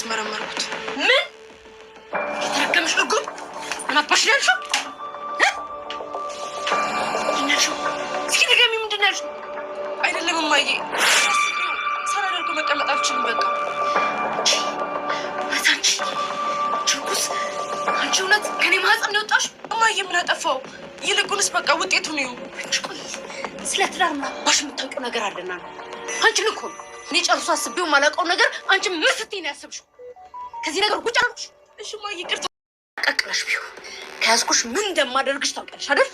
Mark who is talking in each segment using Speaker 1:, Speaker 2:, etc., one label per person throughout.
Speaker 1: ያስመረመርኩት።
Speaker 2: ምን የተረከምሽ እርጉም! ምን አባሽ ነው ያልሽው? እስኪ ድገሚ፣ ምንድን ነው ያልሽው?
Speaker 1: አይደለም እማዬ፣ ሳላደርገው መቀመጥ አልችልም።
Speaker 2: በቃ አንቺ ርኩስ፣ አንቺ እውነት ከኔ ማህፀን ነው የወጣሽው?
Speaker 1: እማዬ፣ ምን አጠፋው? ይልቁንስ በቃ ውጤቱን ይሁ።
Speaker 2: አንቺ ቆይ፣ ስለ ትዳር ምን የምታውቂው ነገር አለና አንቺን እኮ ነው እኔ ጨርሶ አስቤው የማላውቀው ነገር አንቺ ምን ስትይ ነው ያሰብሽው? ከዚህ ነገር ጉጭ አልኩሽ።
Speaker 1: እሺ ማ ይቅርታ።
Speaker 2: ቀቅለሽ ቢሆን ከያዝኩሽ ምን እንደማደርግሽ ታውቂያለሽ አይደል?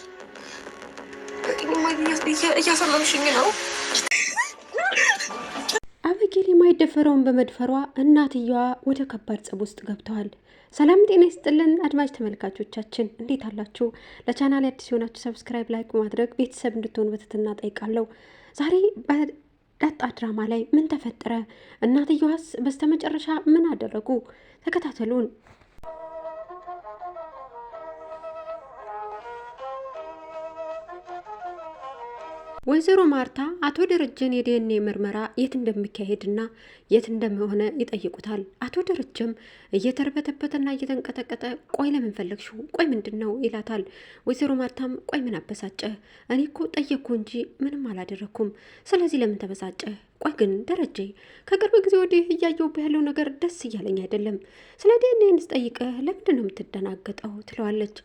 Speaker 1: እያሰመምሽኝ ነው።
Speaker 3: አበጌል የማይደፈረውን በመድፈሯ እናትየዋ ወደ ከባድ ጸብ ውስጥ ገብተዋል። ሰላም ጤና ይስጥልን አድማጭ ተመልካቾቻችን እንዴት አላችሁ? ለቻናል አዲስ የሆናችሁ ሰብስክራይብ፣ ላይክ በማድረግ ቤተሰብ እንድትሆኑ በትህትና ጠይቃለሁ። ዛሬ ዳጣ ድራማ ላይ ምን ተፈጠረ? እናትየዋስ በስተመጨረሻ ምን አደረጉ? ተከታተሉን። ወይዘሮ ማርታ አቶ ደረጀን የዲኤንኤ ምርመራ የት እንደሚካሄድና የት እንደሆነ ይጠይቁታል። አቶ ደረጀም እየተርበተበተና እየተንቀጠቀጠ ቆይ ለምን ፈለግሽው? ቆይ ምንድን ነው ይላታል። ወይዘሮ ማርታም ቆይ ምን አበሳጨህ? እኔ እኮ ጠየቅኩ እንጂ ምንም አላደረግኩም። ስለዚህ ለምን ተበሳጨህ ቆይ ግን ደረጀ ከቅርብ ጊዜ ወዲህ እያየሁብህ ያለው ነገር ደስ እያለኝ አይደለም። ስለ ዲኤንኤን ስጠይቅህ ለምንድን ነው የምትደናገጠው ትለዋለች።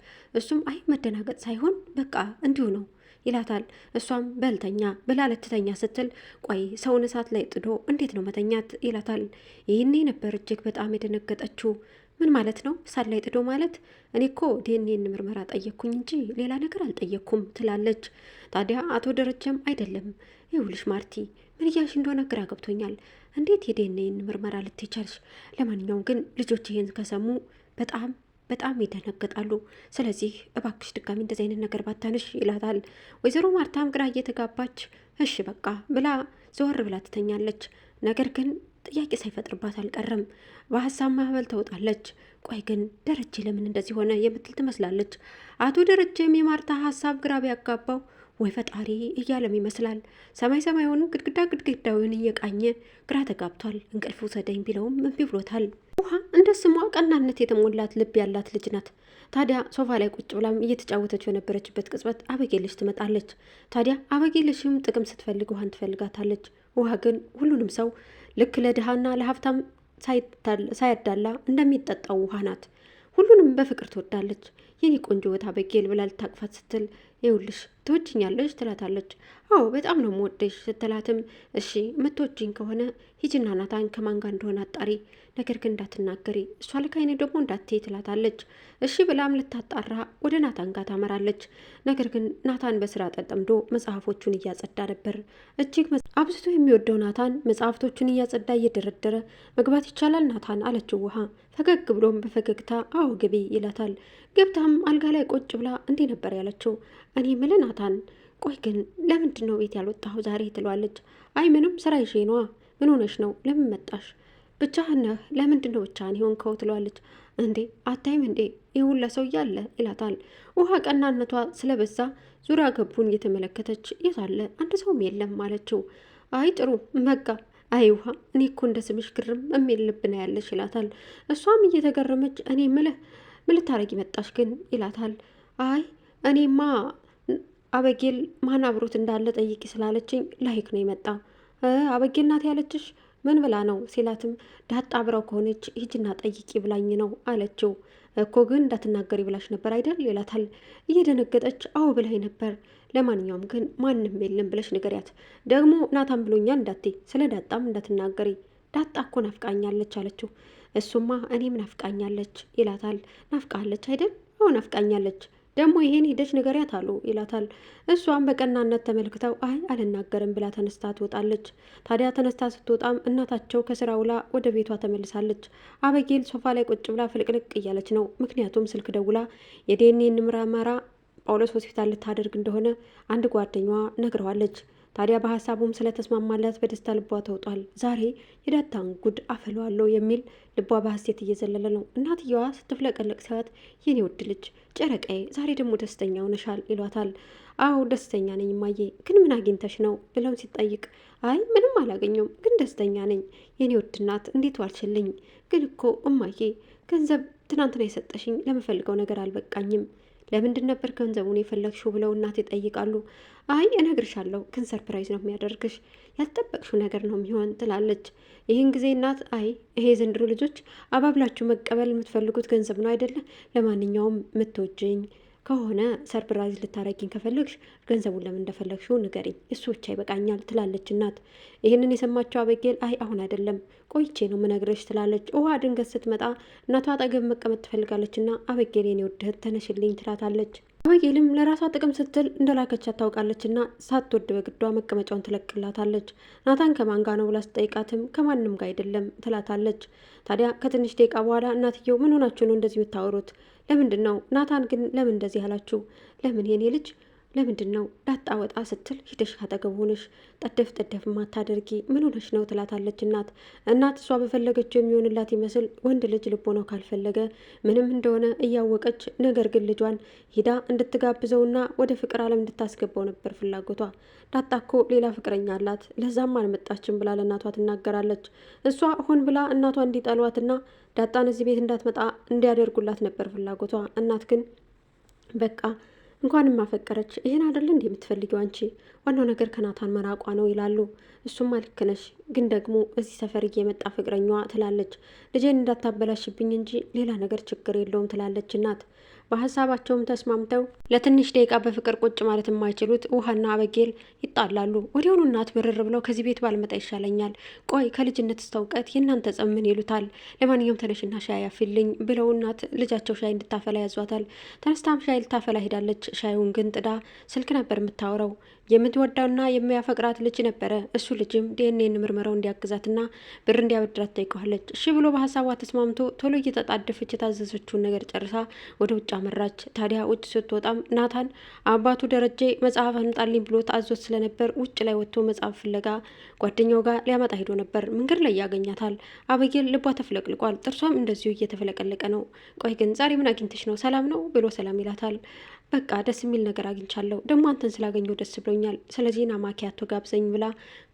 Speaker 3: እሱም አይ መደናገጥ ሳይሆን በቃ እንዲሁ ነው ይላታል። እሷም በልተኛ ብላ ልትተኛ ስትል ቆይ ሰውን እሳት ላይ ጥዶ እንዴት ነው መተኛት ይላታል። ይህኔ ነበር እጅግ በጣም የደነገጠችው። ምን ማለት ነው እሳት ላይ ጥዶ ማለት? እኔ እኮ ዲኤንኤን ምርመራ ጠየቅኩኝ እንጂ ሌላ ነገር አልጠየቅኩም ትላለች። ታዲያ አቶ ደረጀም አይደለም ይኸውልሽ ማርቲ ምን እያልሽ እንደሆነ ግራ ገብቶኛል። እንዴት የዲኤንኤን ምርመራ ልትቻልሽ? ለማንኛውም ግን ልጆች ይህን ከሰሙ በጣም በጣም ይደነግጣሉ። ስለዚህ እባክሽ ድጋሚ እንደዚህ አይነት ነገር ባታንሽ ይላታል። ወይዘሮ ማርታም ግራ እየተጋባች እሺ በቃ ብላ ዘወር ብላ ትተኛለች። ነገር ግን ጥያቄ ሳይፈጥርባት አልቀረም። በሀሳብ ማዕበል ተውጣለች። ቆይ ግን ደረጀ ለምን እንደዚህ ሆነ የምትል ትመስላለች። አቶ ደረጀም የማርታ ሀሳብ ግራ ቢያጋባው ወይ ፈጣሪ እያለም ይመስላል። ሰማይ ሰማዩን ግድግዳ ግድግዳውን እየቃኘ ግራ ተጋብቷል። እንቅልፍ ውሰደኝ ቢለውም እምቢ ብሎታል። ውሃ እንደ ስሟ ቀናነት የተሞላት ልብ ያላት ልጅ ናት። ታዲያ ሶፋ ላይ ቁጭ ብላም እየተጫወተች የነበረችበት ቅጽበት አበጌለሽ ትመጣለች። ታዲያ አበጌለሽም ጥቅም ስትፈልግ ውሃን ትፈልጋታለች። ውሃ ግን ሁሉንም ሰው ልክ ለድሃና ለሀብታም ሳያዳላ እንደሚጠጣው ውሃ ናት። ሁሉንም በፍቅር ትወዳለች። የኔ ቆንጆ ወት አበጌል ብላ ልታቅፋት ስትል ይውልሽ ትወጅኛለሽ ትላታለች። አዎ በጣም ነው የምወደሽ ስትላትም፣ እሺ የምትወጅኝ ከሆነ ሂጅና ናታን ከማን ጋር እንደሆነ አጣሪ፣ ነገር ግን እንዳትናገሪ፣ እሷ ልካይኔ ደግሞ እንዳትይ ትላታለች። እሺ ብላም ልታጣራ ወደ ናታን ጋር ታመራለች። ነገር ግን ናታን በስራ ተጠምዶ መጽሐፎቹን እያጸዳ ነበር። እጅግ አብዝቶ የሚወደው ናታን መጽሐፍቶቹን እያጸዳ እየደረደረ መግባት ይቻላል ናታን አለችው ውሃ ፈገግ ብሎም በፈገግታ አዎ ግቢ ይላታል። ገብታም አልጋ ላይ ቁጭ ብላ እንዲህ ነበር ያለችው። እኔ የምልህ ናታን፣ ቆይ ግን ለምንድን ነው ቤት ያልወጣሁ ዛሬ ትለዋለች። አይ ምንም ስራ ይዤ ነዋ። ምን ሆነሽ ነው? ለምን መጣሽ? ብቻህን ነህ? ለምንድን ነው ብቻህን የሆንከው? ትለዋለች። እንዴ አታይም እንዴ ይሁን ለሰው ሰው እያለ ይላታል። ውሃ ቀናነቷ ስለበዛ ዙሪያ ገቡን እየተመለከተች የት አለ አንድ ሰውም የለም አለችው። አይ ጥሩ በቃ አይ ውሃ እኔ እኮ እንደ ስምሽ ግርም የሚል ልብ ነው ያለሽ ይላታል። እሷም እየተገረመች እኔ ምልህ ምልታረጊ መጣሽ ግን ይላታል። አይ እኔማ አበጌል ማን አብሮት እንዳለ ጠይቂ ስላለችኝ ላይክ ነው የመጣ አበጌል ናት ያለችሽ ምን ብላ ነው ሲላትም፣ ዳጣ አብረው ከሆነች ሂጅና ጠይቂ ብላኝ ነው አለችው። እኮ ግን እንዳትናገሪ ብላሽ ነበር አይደል ይላታል። እየደነገጠች አዎ ብላኝ ነበር፣ ለማንኛውም ግን ማንም የለም ብለሽ ንገሪያት። ደግሞ ናታን ብሎኛል እንዳቴ ስለ ዳጣም እንዳትናገሪ ዳጣ እኮ ናፍቃኛለች አለችው። እሱማ እኔም ናፍቃኛለች ይላታል። ናፍቃለች አይደል? አዎ ናፍቃኛለች ደግሞ ይሄን ሂደች ንገሪያት አሉ ይላታል። እሷም በቀናነት ተመልክተው አይ አልናገርም ብላ ተነስታ ትወጣለች። ታዲያ ተነስታ ስትወጣም እናታቸው ከስራ ውላ ወደ ቤቷ ተመልሳለች። አበጌል ሶፋ ላይ ቁጭ ብላ ፍልቅልቅ እያለች ነው። ምክንያቱም ስልክ ደውላ የዲኤንኤ ምርመራ ጳውሎስ ሆስፒታል ልታደርግ እንደሆነ አንድ ጓደኛዋ ነግረዋለች። ታዲያ በሀሳቡም ስለተስማማላት በደስታ ልቧ ተውጧል። ዛሬ የዳታን ጉድ አፈሏለሁ የሚል ልቧ በሀሴት እየዘለለ ነው። እናትየዋ ስትፍለቀለቅ ሲያት የኔ ውድ ልጅ ጨረቃዬ፣ ዛሬ ደግሞ ደስተኛ ሆነሻል ይሏታል። አዎ ደስተኛ ነኝ እማዬ፣ ግን ምን አግኝተሽ ነው ብለውን ሲጠይቅ አይ ምንም አላገኘውም፣ ግን ደስተኛ ነኝ። የኔ ውድ እናት እንዴት ዋልችልኝ? ግን እኮ እማዬ ገንዘብ ትናንትና የሰጠሽኝ ለምፈልገው ነገር አልበቃኝም ለምንድን ነበር ገንዘቡን የፈለግሽው ብለው እናት ይጠይቃሉ። አይ እነግርሻለሁ፣ ግን ሰርፕራይዝ ነው የሚያደርግሽ፣ ያልጠበቅሽው ነገር ነው የሚሆን ትላለች። ይህን ጊዜ እናት አይ ይሄ ዘንድሮ ልጆች አባብላችሁ መቀበል የምትፈልጉት ገንዘብ ነው አይደለ? ለማንኛውም ምትወጅኝ ከሆነ ሰርፕራይዝ ልታረጊኝ ከፈለግሽ ገንዘቡን ለምን እንደፈለግሽው ንገሪኝ፣ እሱ ብቻ ይበቃኛል ትላለች እናት። ይህንን የሰማቸው አበጌል አይ አሁን አይደለም ቆይቼ ነው ምነግረሽ ትላለች። ውሃ ድንገት ስትመጣ እናቷ አጠገብ መቀመጥ ትፈልጋለች እና አበጌል የኔ ውድህት ተነሽልኝ ትላታለች። አባጌልም ለራሷ ጥቅም ስትል ታውቃለች ታውቃለችና ሳትወድ በግዷ መቀመጫውን ትለቅላታለች። ናታን ከማን ጋር ነው ብላ ስጠይቃትም ከማንም ጋር አይደለም ትላታለች። ታዲያ ከትንሽ ደቂቃ በኋላ እናትየው ምን ሆናችሁ ነው እንደዚህ የምታወሩት? ለምንድን ነው ናታን ግን ለምን እንደዚህ አላችሁ? ለምን የኔ ልጅ ለምንድን ነው ዳጣ ወጣ ስትል ሂደሽ አጠገብ ሆነሽ ጠደፍ ጠደፍ ማታደርጊ ምን ሆነሽ ነው ትላታለች እናት። እናት እሷ በፈለገችው የሚሆንላት ይመስል ወንድ ልጅ ልቦናው ካልፈለገ ምንም እንደሆነ እያወቀች ነገር ግን ልጇን ሂዳ እንድትጋብዘውና ወደ ፍቅር አለም እንድታስገባው ነበር ፍላጎቷ። ዳጣ እኮ ሌላ ፍቅረኛ አላት ለዛም አልመጣችም ብላ ለእናቷ ትናገራለች። እሷ ሆን ብላ እናቷ እንዲጠሏትና ዳጣን እዚህ ቤት እንዳትመጣ እንዲያደርጉላት ነበር ፍላጎቷ። እናት ግን በቃ እንኳንም አፈቀረች። ይህን አይደለ እንዲህ የምትፈልጊው አንቺ? ዋናው ነገር ከናታን መራቋ ነው ይላሉ። እሱም ልክ ነሽ፣ ግን ደግሞ እዚህ ሰፈር እየመጣ ፍቅረኛዋ ትላለች። ልጄን እንዳታበላሽብኝ እንጂ ሌላ ነገር ችግር የለውም ትላለች እናት በሀሳባቸውም ተስማምተው ለትንሽ ደቂቃ በፍቅር ቁጭ ማለት የማይችሉት ውሃና አበጌል ይጣላሉ። ወዲያውኑ እናት ብርር ብለው ከዚህ ቤት ባልመጣ ይሻለኛል፣ ቆይ ከልጅነት እስከ እውቀት የእናንተ ጸብ ምን ይሉታል፣ ለማንኛውም ተነሽና ሻይ አፊልኝ ብለው እናት ልጃቸው ሻይ እንድታፈላ ያዟታል። ተነስታም ሻይ ልታፈላ ሄዳለች። ሻዩን ግን ጥዳ ስልክ ነበር የምታወራው። የምትወዳውና የሚያፈቅራት ልጅ ነበረ። እሱ ልጅም ዲኤንኤን ምርመራው እንዲያግዛትና ብር እንዲያበድራት ጠይቀዋለች። እሺ ብሎ በሀሳቧ ተስማምቶ ቶሎ እየተጣደፈች የታዘዘችውን ነገር ጨርሳ ወደ ውጭ አመራች። ታዲያ ውጭ ስትወጣም ናታን አባቱ ደረጀ መጽሐፍ አምጣልኝ ብሎ አዞት ስለነበር ውጭ ላይ ወጥቶ መጽሐፍ ፍለጋ ጓደኛው ጋር ሊያመጣ ሄዶ ነበር። መንገድ ላይ ያገኛታል። አበጌል ልቧ ተፍለቅልቋል። ጥርሷም እንደዚሁ እየተፈለቀለቀ ነው። ቆይ ግን ዛሬ ምን አግኝተሽ ነው? ሰላም ነው ብሎ ሰላም ይላታል። በቃ ደስ የሚል ነገር አግኝቻለሁ፣ ደግሞ አንተን ስላገኘው ደስ ብሎኛል። ስለዚህ ና ማኪያቶ ጋብዘኝ ብላ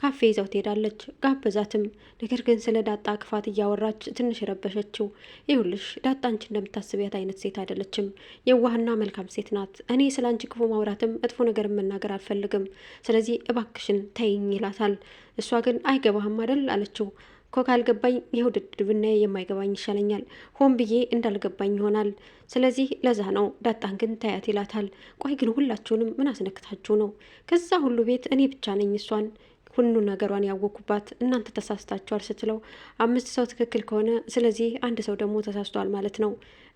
Speaker 3: ካፌ ይዛው ትሄዳለች። ጋበዛትም። ነገር ግን ስለ ዳጣ ክፋት እያወራች ትንሽ ረበሸችው። ይሁልሽ ዳጣ አንቺ እንደምታስቢያት አይነት ሴት አይደለችም። የዋህና መልካም ሴት ናት። እኔ ስለ አንቺ ክፉ ማውራትም መጥፎ ነገር መናገር አልፈልግም። ስለዚህ እባክሽን ተይኝ ይላታል። እሷ ግን አይገባህም አደል አለችው። እኮ ካልገባኝ ይህ ድድ የማይገባኝ ይሻለኛል። ሆን ብዬ እንዳልገባኝ ይሆናል። ስለዚህ ለዛ ነው። ዳጣን ግን ታያት ይላታል። ቆይ ግን ሁላችሁንም ምን አስነክታችሁ ነው? ከዛ ሁሉ ቤት እኔ ብቻ ነኝ እሷን ሁሉ ነገሯን ያወኩባት እናንተ ተሳስታችኋል ስትለው አምስት ሰው ትክክል ከሆነ ስለዚህ አንድ ሰው ደግሞ ተሳስቷል ማለት ነው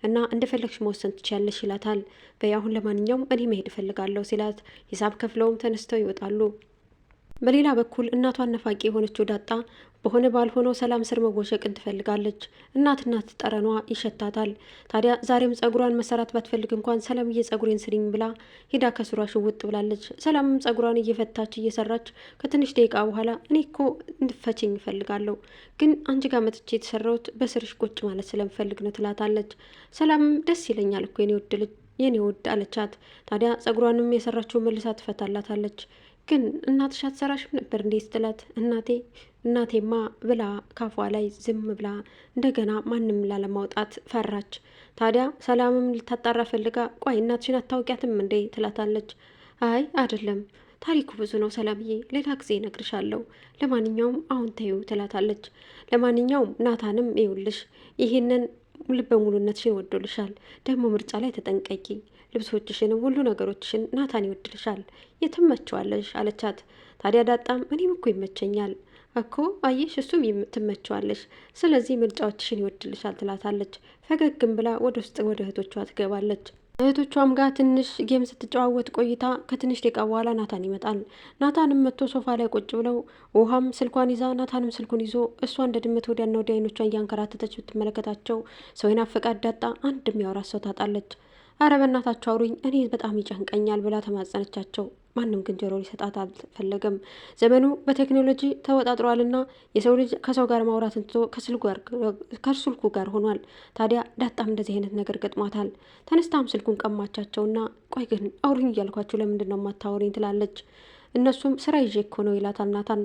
Speaker 3: እና እንደፈለግሽ መወሰን ትችያለሽ ይላታል። በይ አሁን ለማንኛውም እኔ መሄድ እፈልጋለሁ ሲላት ሂሳብ ከፍለውም ተነስተው ይወጣሉ። በሌላ በኩል እናቷ ነፋቂ የሆነችው ዳጣ በሆነ ባልሆነው ሰላም ስር መወሸቅን ትፈልጋለች። እናት ጠረኗ ይሸታታል። ታዲያ ዛሬም ጸጉሯን መሰራት ባትፈልግ እንኳን ሰላምዬ ጸጉሬን ስሪኝ ብላ ሂዳ ከስሯ ሽውጥ ብላለች። ሰላምም ጸጉሯን እየፈታች እየሰራች ከትንሽ ደቂቃ በኋላ እኔ እኮ እንድፈችኝ እፈልጋለሁ፣ ግን አንቺ ጋር መጥቼ የተሰራሁት በስርሽ ቁጭ ማለት ስለምፈልግ ነው ትላታለች። ሰላምም ደስ ይለኛል እኮ የኔ ውድ ልጅ የኔ ውድ አለቻት። ታዲያ ጸጉሯንም የሰራችው መልሳ ትፈታላታለች። ግን እናትሽ አትሰራሽም ነበር እንዴ ስትላት፣ እናቴ እናቴማ ብላ ካፏ ላይ ዝም ብላ እንደገና ማንም ላለማውጣት ፈራች። ታዲያ ሰላምም ልታጣራ ፈልጋ ቆይ እናትሽን አታውቂያትም እንዴ ትላታለች። አይ አይደለም፣ ታሪኩ ብዙ ነው ሰላምዬ፣ ሌላ ጊዜ እነግርሻለሁ። ለማንኛውም አሁን ተዩ ትላታለች። ለማንኛውም ናታንም ይውልሽ ይህንን ልበ ሙሉነትሽን ወዶልሻል፣ ደግሞ ምርጫ ላይ ተጠንቀቂ ልብሶችሽን ሁሉ ነገሮችሽን ናታን ይወድልሻል፣ የትመቸዋለሽ አለቻት። ታዲያ ዳጣም እኔም እኮ ይመቸኛል እኮ አየሽ፣ እሱም ትመቸዋለሽ፣ ስለዚህ ምርጫዎችሽን ይወድልሻል ትላታለች። ፈገግም ብላ ወደ ውስጥ ወደ እህቶቿ ትገባለች። እህቶቿም ጋር ትንሽ ጌም ስትጨዋወት ቆይታ ከትንሽ ደቂቃ በኋላ ናታን ይመጣል። ናታንም መጥቶ ሶፋ ላይ ቁጭ ብለው ውሃም ስልኳን ይዛ ናታንም ስልኩን ይዞ እሷ እንደ ድመት ወዲያና ወዲያ አይኖቿን እያንከራተተች ብትመለከታቸው ሰው ይናፍቃት ዳጣ አንድ የሚያወራት ሰው ታጣለች። አረ በእናታችሁ አውሩኝ እኔ በጣም ይጨንቀኛል ብላ ተማጸነቻቸው። ማንም ግን ጆሮ ሊሰጣት አልፈለገም። ዘመኑ በቴክኖሎጂ ተወጣጥሯልና የሰው ልጅ ከሰው ጋር ማውራትን ትቶ ከስልኩ ጋር ሆኗል። ታዲያ ዳጣም እንደዚህ አይነት ነገር ገጥሟታል። ተነስታም ስልኩን ቀማቻቸውና ቆይ ግን አውሩኝ እያልኳችሁ ለምንድን ነው የማታወሪኝ? ትላለች። እነሱም ስራ ይዤ እኮ ነው ይላታል ናታን።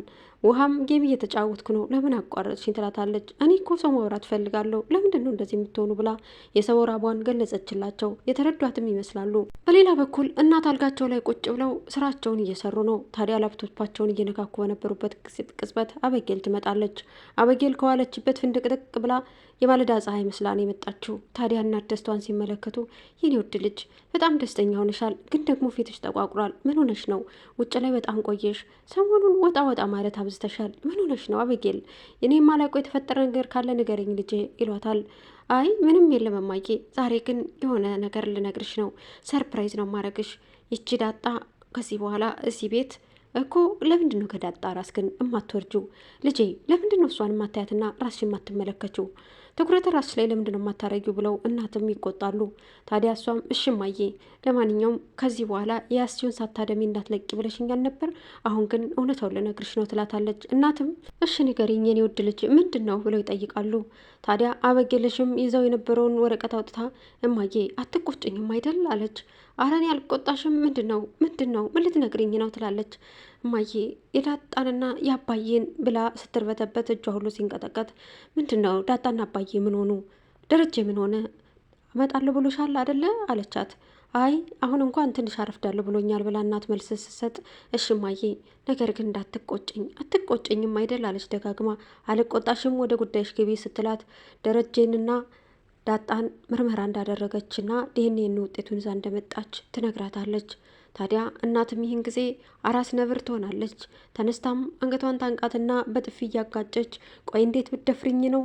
Speaker 3: ውሃም ጌም እየተጫወትኩ ነው ለምን አቋረጥሽኝ? ትላታለች። እኔ እኮ ሰው ማውራት ፈልጋለሁ ለምንድን ነው እንደዚህ የምትሆኑ ብላ የሰው ራቧን ገለጸችላቸው። የተረዷትም ይመስላሉ። በሌላ በኩል እናት አልጋቸው ላይ ቁጭ ብለው ስራቸውን እየሰሩ ነው። ታዲያ ላፕቶፓቸውን እየነካኩ በነበሩበት ቅጽበት አበጌል ትመጣለች። አበጌል ከዋለችበት ፍንድቅጥቅ ብላ የማለዳ ፀሐይ መስላ ነው የመጣችው። ታዲያ እናት ደስቷን ሲመለከቱ የኔ ውድ ልጅ በጣም ደስተኛ ሆነሻል፣ ግን ደግሞ ፊትሽ ተቋቁሯል። ምን ሆነሽ ነው? ውጭ ላይ በጣም ቆየሽ። ሰሞኑን ወጣ ወጣ ማለት አብዝተሻል። ምን ሆነሽ ነው አበጌል? እኔ የማላውቀው የተፈጠረ ነገር ካለ ንገረኝ ልጄ ይሏታል። አይ ምንም የለም እማዬ፣ ዛሬ ግን የሆነ ነገር ልነግርሽ ነው። ሰርፕራይዝ ነው ማረግሽ። ይቺ ዳጣ ከዚህ በኋላ እዚህ ቤት እኮ ለምንድን ነው ከዳጣ ራስ ግን እማትወርጁ ልጄ? ለምንድን ነው እሷን ማታያትና ራስሽ የማትመለከችው? ትኩረት ራስሽ ላይ ለምንድን ነው የማታረጊው ብለው እናትም ይቆጣሉ። ታዲያ እሷም እሺ እማዬ፣ ለማንኛውም ከዚህ በኋላ የያስችውን ሳታደሚ እንዳትለቂ ብለሽኛል ነበር፣ አሁን ግን እውነታውን ልነግርሽ ነው ትላታለች። እናትም እሽ ንገሪኝ የኔ ውድ ልጅ ምንድን ነው ብለው ይጠይቃሉ። ታዲያ አበጌለሽም ይዘው የነበረውን ወረቀት አውጥታ እማዬ አትቆጭኝም አይደል አለች። አረ እኔ አልቆጣሽም። ምንድን ነው ምንድን ነው ምን ልትነግሪኝ ነው ትላለች። እማዬ የዳጣንና የአባዬን ብላ ስትርበተበት እጇ ሁሉ ሲንቀጠቀጥ፣ ምንድን ነው ዳጣና አባዬ ምን ሆኑ? ደረጀ ምን ሆነ? እመጣለሁ ብሎሻል አደለ አለቻት። አይ አሁን እንኳን ትንሽ አረፍዳለሁ ብሎኛል ብላ እናት መልስ ስትሰጥ፣ እሺ እማዬ፣ ነገር ግን እንዳትቆጭኝ አትቆጭኝም አይደል አለች ደጋግማ። አልቆጣሽም ወደ ጉዳይሽ ግቢ ስትላት ደረጀንና ዳጣን ምርመራ እንዳደረገችና ዲኤንኤን ውጤቱን ይዛ እንደመጣች ትነግራታለች። ታዲያ እናትም ይህን ጊዜ አራስ ነብር ትሆናለች። ተነስታም አንገቷን ታንቃትና በጥፊ እያጋጨች ቆይ እንዴት ብደፍርኝ ነው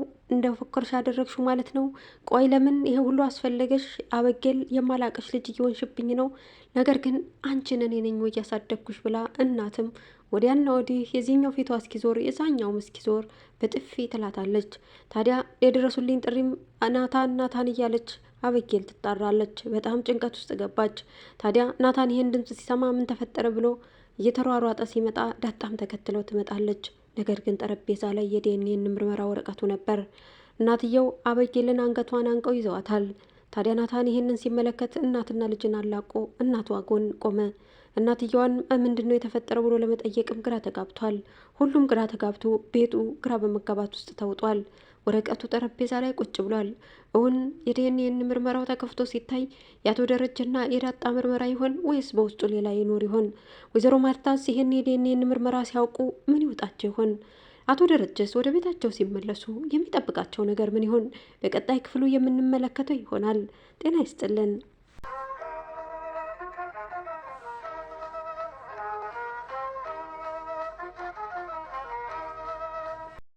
Speaker 3: ፎከርሽ ያደረግሹ ማለት ነው? ቆይ ለምን ይሄ ሁሉ አስፈለገሽ? አበጌል የማላቀሽ ልጅ እየሆንሽብኝ ነው። ነገር ግን አንቺን እኔ ነኝ ያሳደግኩሽ? ብላ እናትም ወዲያና ወዲህ የዚህኛው ፊቷ እስኪዞር የዛኛውም እስኪዞር በጥፊ ትላታለች። ታዲያ የደረሱልኝ ጥሪም ናታን ናታን እያለች አበጌል ትጣራለች። በጣም ጭንቀት ውስጥ ገባች። ታዲያ ናታን ይህን ድምፅ ሲሰማ ምን ተፈጠረ ብሎ እየተሯሯጠ ሲመጣ ዳጣም ተከትለው ትመጣለች። ነገር ግን ጠረጴዛ ላይ የዲኤንኤን ምርመራ ወረቀቱ ነበር። እናትየው አበጌልን አንገቷን አንቀው ይዘዋታል። ታዲያ ናታን ይህንን ሲመለከት እናትና ልጅን አላቆ እናቷ ጎን ቆመ። እናትየዋን ምንድን ነው የተፈጠረው ብሎ ለመጠየቅም ግራ ተጋብቷል። ሁሉም ግራ ተጋብቶ ቤቱ ግራ በመጋባት ውስጥ ተውጧል። ወረቀቱ ጠረጴዛ ላይ ቁጭ ብሏል። እውን የዲኤንኤን ምርመራው ተከፍቶ ሲታይ የአቶ ደረጀና የዳጣ ምርመራ ይሆን ወይስ በውስጡ ሌላ ይኖር ይሆን? ወይዘሮ ማርታስ ይህን የዲኤንኤን ምርመራ ሲያውቁ ምን ይውጣቸው ይሆን? አቶ ደረጀስ ወደ ቤታቸው ሲመለሱ የሚጠብቃቸው ነገር ምን ይሆን? በቀጣይ ክፍሉ የምንመለከተው ይሆናል። ጤና ይስጥልን።